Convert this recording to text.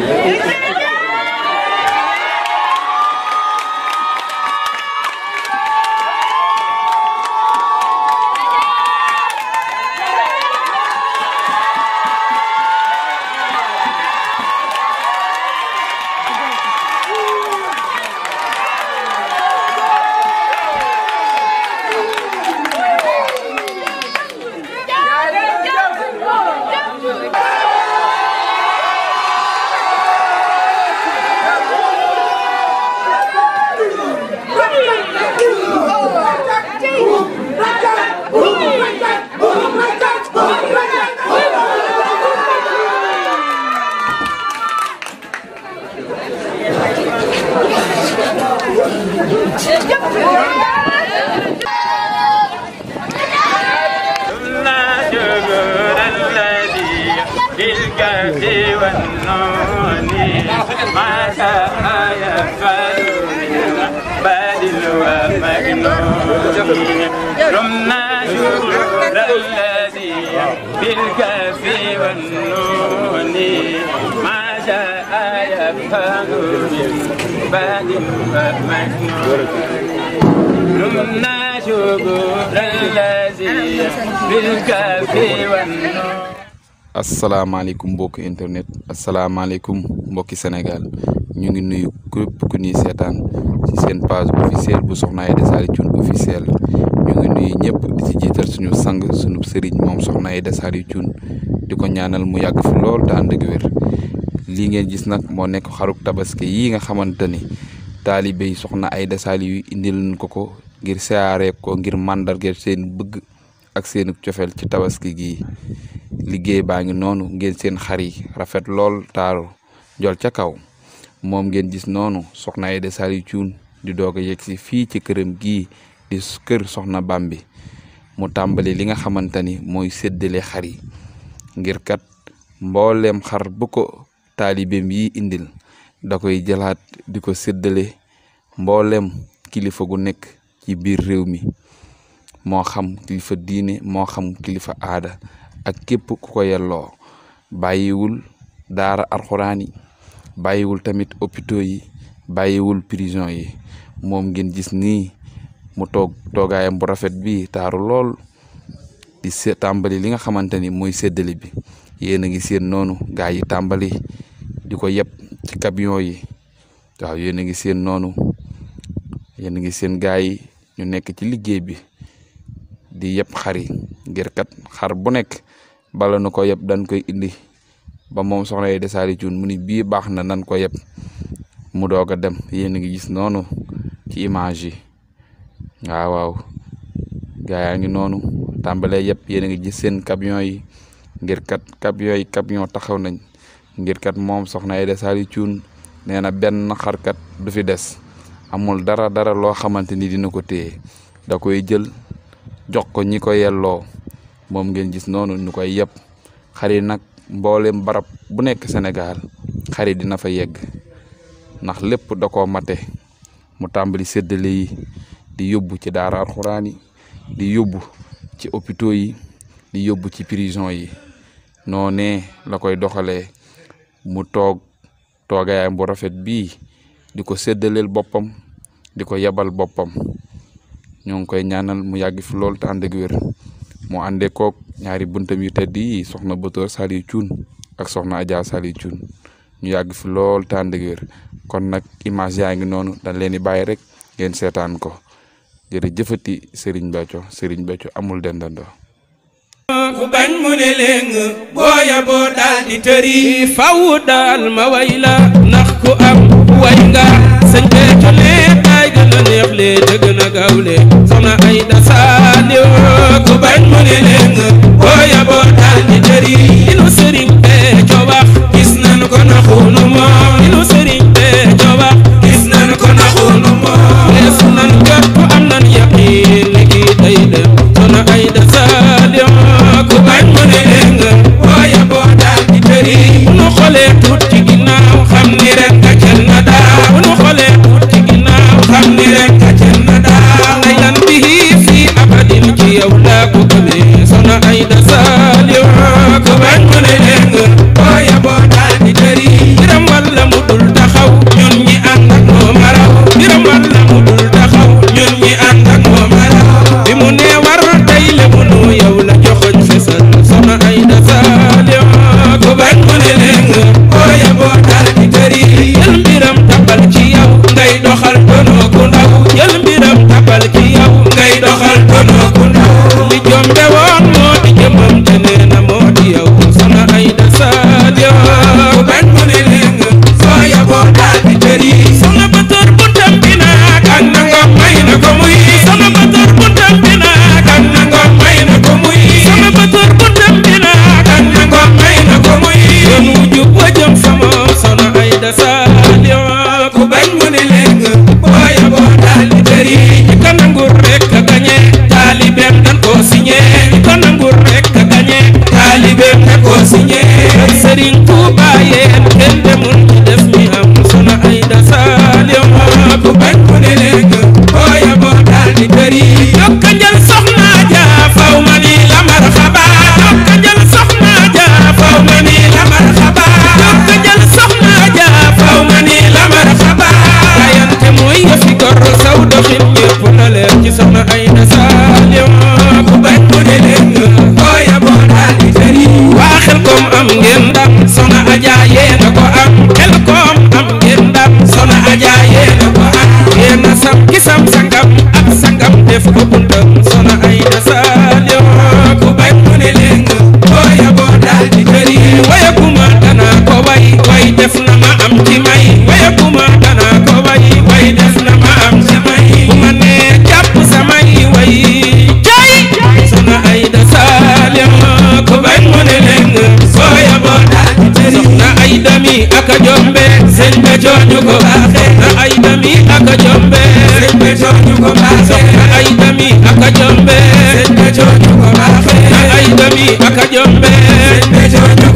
Thank you. الذي بالكهف والنون ما شاء يفعل بل ومجنون رمنا شرور الذي بالكهف والنون ما شاء يفعل بل ومجنون رمنا Assalamualaikum الذي internet Assalamualaikum mbokki Senegal. ñu ngi nuyu képp ku ni seetaan ci sen page officielle bu Soxna Aïda Saliou Thioune officielle ñu ngi nuyu ñepp di ci jittal suñu sang suñu sëriñ mom Soxna Aïda Saliou Thioune di ko ñaanal mu yag fu lool ta ànd gëwër li ngeen gis nak mo nekk xaruk tabaski yi nga xamante talibey Soxna ay dessal yu indil ko ngir siaré ko ngir màndargeel seen bëgg ak seen ciofel ci tabaski gi liggéey baangi nonu ngeen seen xari rafet lol taru jol ca kaw mom ngeen gis nonu soxna de Saliou ciun di doga a yegg si ci kërëm gi di kër soxna Bambi mu tambali li nga xamantani ni seddelé xari ngir kat mbollem xar bu ko talibem yi indil da koy jëlaat diko seddelé mbollem kilifa gu nek ci bir rew mi mo xam kilifa diine mo xam kilifa aada ak kep ku ko yello bayiwul daara alxuraan bayiwul tamit hôpitaux yi bayiwul prison yi mom ngeen gis ni mu tok bu rafet bi taaru lol di se li nga xamanteni moy mooy bi yeena ngi seen nonu gaay yi tambali di yeb ci camion yi taw yeena ngi seen nonu yeena ngi seen gaay ñu nekk ci liggéey bi di yeb xar yi ngir kat xar bu nekk bala nu ko yeb dañ koy indi ba moom soxna yi desaali cuun mu ni bii baax na nan ko yeb mu doog dem yéen ngi gis noonu ci image yi waaw waaw gaa yaa ngi noonu tàmbalee yéen gis seen camion yi ngir kat camion yi camion taxaw nañ ngir kat moom soxna yi Saliou Thioune nee na benn xarkat du fi des amul dara dara loh xamanteni dina ko teye da koy jël jox ko ñiko yello mom ngeen gis nonu ñukoy yeb xari nak yi nag barab bu nek Sénégal xari dina fa yegg ndax lepp da ko maté mu tambali séddale yi di yobbu ci daara alxuraan yi di yobbu ci hôpitaux yi di yobbu ci prison yi noné la koy doxalé mu bu rafet bi diko seddelel bopam diko yabal bopam ñong koy ñaanal mu yagg fi lol ta ànd ak wér mo àndee koog ñaari buntam yu teddi soxna botor sali Thioune ak soxna Adja sali Thioune ñu yagg fi lol ta ànd ak wér kon nak image yaangi nonu dañ leni baye rek ngeen sétane ko jërëjëfati Serigne Béthio Serigne Béthio amul dendando ku bañ mu ne leng booya bo dal di tëri faw daal ma way la ku am way nga sëñ Béthio lee baay gën a neex lee te gën a gaaw lee soxna Aïda Saliou ku bañ mu ne leen boo yaboo daal di jëri li nu sëriñ Béthio wax gis nañ ko na xunu moom li nu sëriñ Béthio wax gis nañ ko na xunu moom lees nañ jot am nañ yaqiin ni kii day dem soxna Aïda Saliou ku bañ mu ne leen boo yaboo daal di jëri nu dami aka jombe sëñ be jooñu ko baaxe na ay dami aka jombe sëñ be jooñu ko baaxe na ay aka jombe